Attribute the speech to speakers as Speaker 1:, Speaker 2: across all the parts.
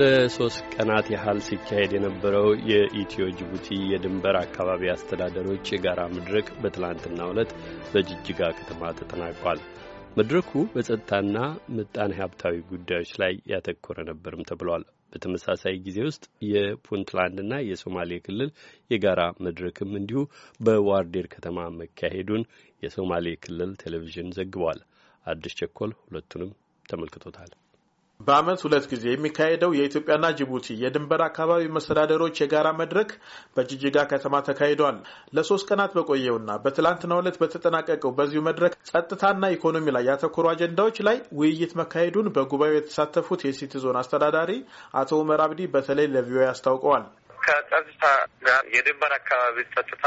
Speaker 1: ለሶስት ቀናት ያህል ሲካሄድ የነበረው የኢትዮ ጅቡቲ የድንበር አካባቢ አስተዳደሮች የጋራ መድረክ በትላንትናው ዕለት በጅጅጋ ከተማ ተጠናቋል። መድረኩ በጸጥታና ምጣኔ ሀብታዊ ጉዳዮች ላይ ያተኮረ ነበርም ተብሏል። በተመሳሳይ ጊዜ ውስጥ የፑንትላንድና የሶማሌ ክልል የጋራ መድረክም እንዲሁ በዋርዴር ከተማ መካሄዱን የሶማሌ ክልል ቴሌቪዥን ዘግቧል። አዲስ ቸኮል ሁለቱንም ተመልክቶታል።
Speaker 2: በዓመት ሁለት ጊዜ የሚካሄደው የኢትዮጵያና ጅቡቲ የድንበር አካባቢ መስተዳደሮች የጋራ መድረክ በጅጅጋ ከተማ ተካሂዷል። ለሶስት ቀናት በቆየውና በትላንትናው ዕለት በተጠናቀቀው በዚሁ መድረክ ጸጥታና ኢኮኖሚ ላይ ያተኮሩ አጀንዳዎች ላይ ውይይት መካሄዱን በጉባኤው የተሳተፉት የሲቲ ዞን አስተዳዳሪ አቶ ኡመር አብዲ በተለይ ለቪኦኤ አስታውቀዋል።
Speaker 3: ከጸጥታ ጋር የድንበር አካባቢ ጸጥታ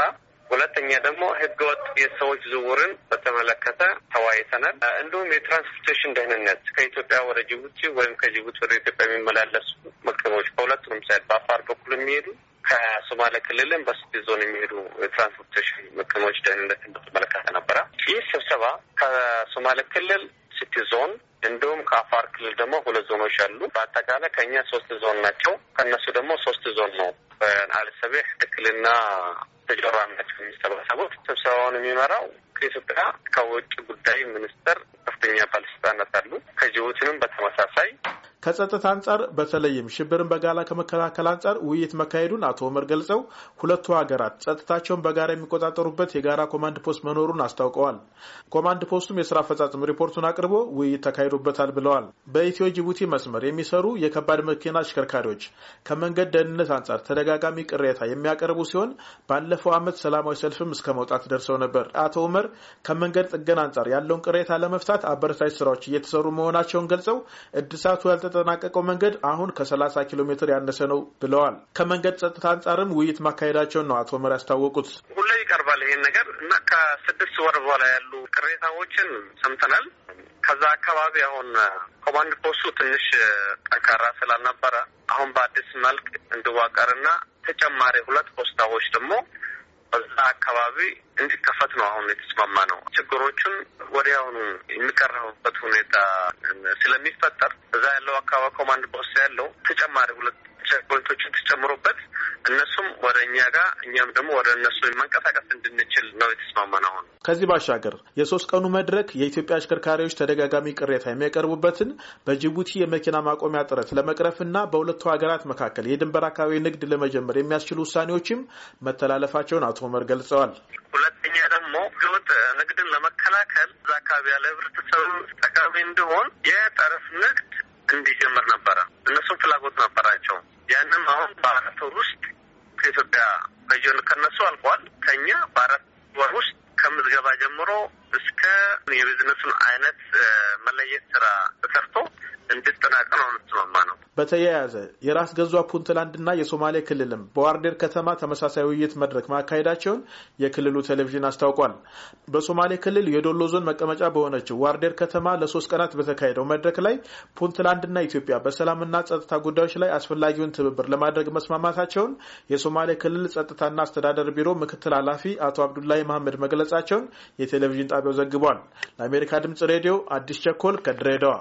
Speaker 3: ሁለተኛ ደግሞ ህገወጥ የሰዎች ዝውውርን በተመለከተ ተወያይተናል። እንዲሁም የትራንስፖርቴሽን ደህንነት ከኢትዮጵያ ወደ ጅቡቲ ወይም ከጅቡቲ ወደ ኢትዮጵያ የሚመላለሱ መኪኖች ከሁለቱም ሳይድ በአፋር በኩል የሚሄዱ ከሶማሌ ክልልም በስቲ ዞን የሚሄዱ የትራንስፖርቴሽን መኪኖች ደህንነትን በተመለከተ ነበረ። ይህ ስብሰባ ከሶማሌ ክልል ሲቲ ዞን እንዲሁም ከአፋር ክልል ደግሞ ሁለት ዞኖች አሉ። በአጠቃላይ ከእኛ ሶስት ዞን ናቸው። ከእነሱ ደግሞ ሶስት ዞን ነው። በአልሰቤህ ትክልና ተጨዋሚ ናቸው የሚሰባሰቡት። ስብሰባውን የሚመራው ከኢትዮጵያ ከውጭ ጉዳይ ሚኒስቴር ከፍተኛ ባለስልጣናት አሉ። ከጅቡቲንም በተመሳሳይ
Speaker 2: ከጸጥታ አንጻር በተለይም ሽብርን በጋላ ከመከላከል አንጻር ውይይት መካሄዱን አቶ ኦመር ገልጸው ሁለቱ ሀገራት ጸጥታቸውን በጋራ የሚቆጣጠሩበት የጋራ ኮማንድ ፖስት መኖሩን አስታውቀዋል። ኮማንድ ፖስቱም የስራ አፈጻጸም ሪፖርቱን አቅርቦ ውይይት ተካሂዶበታል ብለዋል። በኢትዮ ጅቡቲ መስመር የሚሰሩ የከባድ መኪና አሽከርካሪዎች ከመንገድ ደህንነት አንጻር ተደጋጋሚ ቅሬታ የሚያቀርቡ ሲሆን ባለፈው ዓመት ሰላማዊ ሰልፍም እስከ መውጣት ደርሰው ነበር። አቶ ኡመር ከመንገድ ጥገና አንጻር ያለውን ቅሬታ ለመፍታት አበረታች ስራዎች እየተሰሩ መሆናቸውን ገልጸው እድሳቱ ያልጠ የተጠናቀቀው መንገድ አሁን ከ30 ኪሎ ሜትር ያነሰ ነው ብለዋል። ከመንገድ ጸጥታ አንጻርም ውይይት ማካሄዳቸውን ነው አቶ መሪ ያስታወቁት።
Speaker 3: ሁሌ ይቀርባል ይሄን ነገር እና ከስድስት ወር በኋላ ያሉ ቅሬታዎችን ሰምተናል። ከዛ አካባቢ አሁን ኮማንድ ፖስቱ ትንሽ ጠንካራ ስላልነበረ አሁን በአዲስ መልክ እንዲዋቀርና ተጨማሪ ሁለት ፖስታዎች ደግሞ በዛ አካባቢ እንዲከፈት ነው አሁን የተስማማ ነው። ችግሮቹን ወዲያውኑ የሚቀረቡበት ሁኔታ ስለሚፈጠር እዛ ያለው አካባቢ ኮማንድ ፖስት ያለው ተጨማሪ ሁለት ቼክ ተጨምሮበት እነሱም ወደ እኛ ጋር እኛም ደግሞ ወደ እነሱ መንቀሳቀስ እንድንችል ነው የተስማማን። አሁን
Speaker 2: ከዚህ ባሻገር የሶስት ቀኑ መድረክ የኢትዮጵያ አሽከርካሪዎች ተደጋጋሚ ቅሬታ የሚያቀርቡበትን በጅቡቲ የመኪና ማቆሚያ ጥረት ለመቅረፍና በሁለቱ ሀገራት መካከል የድንበር አካባቢ ንግድ ለመጀመር የሚያስችሉ ውሳኔዎችም መተላለፋቸውን አቶ ኡመር ገልጸዋል። ሁለተኛ ደግሞ ህገወጥ ንግድን ለመከላከል እዛ አካባቢ
Speaker 3: ያለ ህብረተሰቡ ጠቃሚ እንዲሆን የጠረፍ ንግድ እንዲጀምር ነበረ። እነሱም ፍላጎት ነበራቸው። ያንም አሁን በአራት ወር ውስጥ ከኢትዮጵያ በየወር ከነሱ አልቋል። ከኛ በአራት ወር ውስጥ ከምዝገባ ጀምሮ እስከ የቢዝነሱን አይነት መለየት ስራ ተሰርቶ እንድጠናቀር ነው የምትስማማ ነው። በተያያዘ
Speaker 2: የራስ ገዟ ፑንትላንድና የሶማሌ ክልልም በዋርዴር ከተማ ተመሳሳይ ውይይት መድረክ ማካሄዳቸውን የክልሉ ቴሌቪዥን አስታውቋል። በሶማሌ ክልል የዶሎ ዞን መቀመጫ በሆነችው ዋርዴር ከተማ ለሶስት ቀናት በተካሄደው መድረክ ላይ ፑንትላንድና ኢትዮጵያ በሰላምና ጸጥታ ጉዳዮች ላይ አስፈላጊውን ትብብር ለማድረግ መስማማታቸውን የሶማሌ ክልል ጸጥታና አስተዳደር ቢሮ ምክትል ኃላፊ አቶ አብዱላሂ መሀመድ መግለጻቸውን የቴሌቪዥን ጣቢያ ጣቢያው ዘግቧል። ለአሜሪካ ድምጽ ሬዲዮ አዲስ ቸኮል ከድሬዳዋ